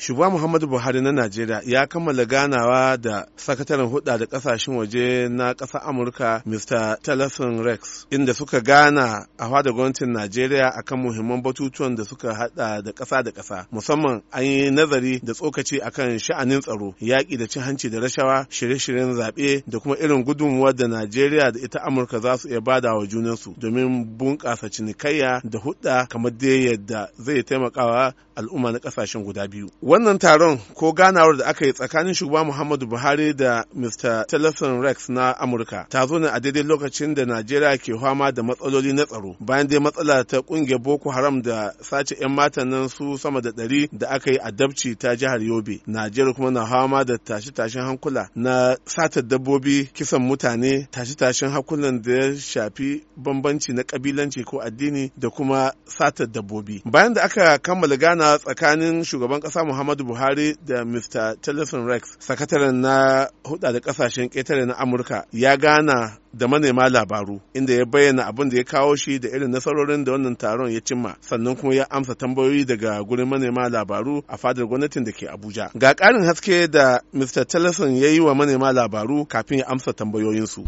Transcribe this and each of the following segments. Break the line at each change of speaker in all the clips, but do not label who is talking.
Shugaba Muhammadu Buhari na Najeriya ya kammala ganawa da sakataren hudda da kasashen waje na ƙasar Amurka Mr. Tillerson Rex inda suka gana a fada gwamnatin Najeriya akan muhimman batutuwan da suka hada da ƙasa da ƙasa musamman an yi nazari da tsokaci akan sha'anin tsaro yaƙi da cin hanci da rashawa shirye-shiryen zaɓe da kuma irin gudunmuwar da Najeriya da ita Amurka za su iya bada wa junansu domin bunƙasa cinikayya da hudda kamar dai yadda zai taimakawa al'umma na ƙasashen guda biyu. wannan taron ko ganawar da aka yi tsakanin shugaba muhammadu buhari da mr tillerson rex na amurka ta zo ne a daidai lokacin da najeriya ke fama da matsaloli na tsaro bayan dai matsala ta kungiyar boko haram da sace 'yan matan nan su sama da ɗari da aka yi a dabci ta jihar yobe najeriya kuma na fama da tashe-tashen hankula na satar dabbobi kisan mutane tashe-tashen hankulan da ya shafi bambanci na kabilanci ko addini da kuma satar dabbobi bayan da aka kammala gana tsakanin shugaban ƙasa muhammadu buhari da mr tillerson rex sakataren na huda da kasashen ƙetare na amurka ya gana da manema labaru inda ya bayyana abin da ya kawo shi da irin nasarorin da wannan taron ya cimma sannan kuma ya amsa tambayoyi daga gurin manema labaru a fadar gwamnatin da ke abuja ga ƙarin haske da mr tillerson ya yi wa manema labaru kafin ya amsa tambayoyinsu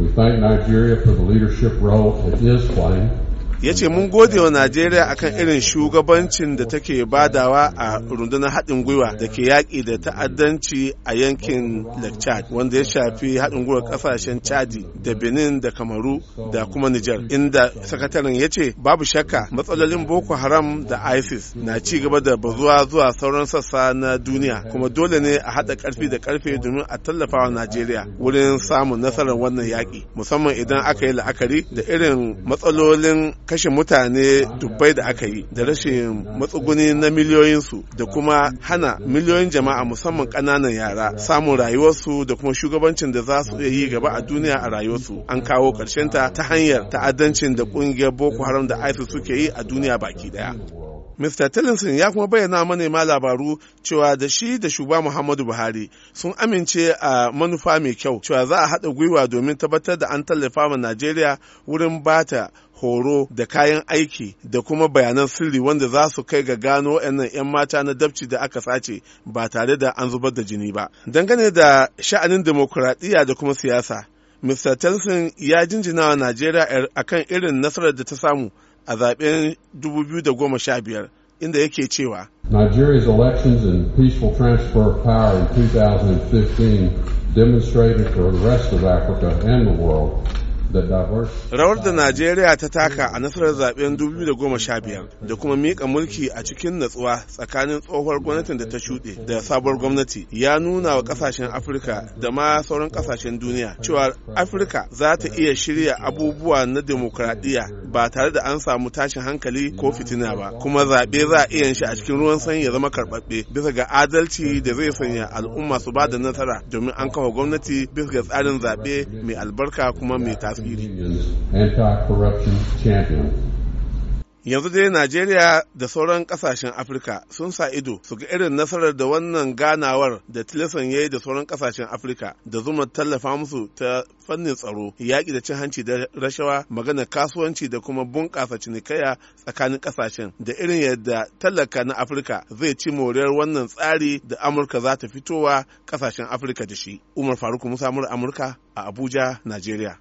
We thank Nigeria for the leadership role it is playing ya ce mun gode wa najeriya akan irin shugabancin da take badawa a rundunar haɗin gwiwa da ke yaƙi da ta'addanci a yankin lake chad wanda ya shafi haɗin gwiwar ƙasashen chadi da benin da kamaru da kuma niger inda sakataren ya ce babu shakka matsalolin boko haram da isis na ci gaba da bazuwa zuwa sauran sassa na duniya kuma dole ne a haɗa ƙarfi da ƙarfe domin a tallafa wa najeriya wurin samun nasarar wannan yaƙi musamman idan aka yi la'akari da irin matsalolin kashe mutane dubbai da aka yi da rashin matsuguni na miliyoyinsu da kuma hana miliyoyin jama'a musamman ƙananan yara samun rayuwarsu da kuma shugabancin da za su iya yi gaba a duniya a rayuwarsu an kawo ƙarshenta ta hanyar ta'addancin da ƙungiyar boko haram da isis suke yi a duniya baki ɗaya. Mr. Tillinson ya kuma bayyana manema labaru cewa da shi da Shuba Muhammadu Buhari sun amince a manufa mai kyau cewa za a haɗa gwiwa domin tabbatar da an tallafa wa Najeriya wurin bata horo da kayan aiki da kuma bayanan sirri wanda za su kai ga gano 'yan 'yan mata na dabci da aka sace ba tare da an zubar da jini ba. Dangane da sha'anin demokuraɗiyya da kuma siyasa, Mr. ya jinjina wa Najeriya er, akan irin nasarar da ta samu a zaben 2015 inda yake cewa Nigeria's elections and peaceful transfer of power in 2015 demonstrated for the rest of Africa and the world Rawar da Najeriya ta taka a nasarar zaben 2015 da kuma miƙa mulki a cikin natsuwa tsakanin tsohuwar gwamnatin da ta shuɗe da sabuwar gwamnati ya nuna wa ƙasashen Afirka da ma sauran ƙasashen duniya cewa Afirka za ta iya shirya abubuwa na demokradiyya ba tare da an samu tashin hankali ko fitina ba kuma zaɓe za a iya shi a cikin ruwan sanyi ya zama karɓaɓɓe bisa ga adalci da zai sanya al'umma su ba da nasara domin an kafa gwamnati bisa ga tsarin zaɓe mai albarka kuma mai tasiri. yanzu dai najeriya da sauran kasashen afirka sun sa ido su ga irin nasarar da wannan ganawar da tilson ya yi da sauran kasashen afirka da zuma tallafa musu ta fannin tsaro yaƙi da cin hanci da rashawa magana kasuwanci da kuma bunƙasa cinikaya tsakanin kasashen da irin yadda tallaka na afirka zai ci moriyar wannan tsari da amurka za ta fitowa kasashen afirka da shi umar faruk musa amurka a abuja najeriya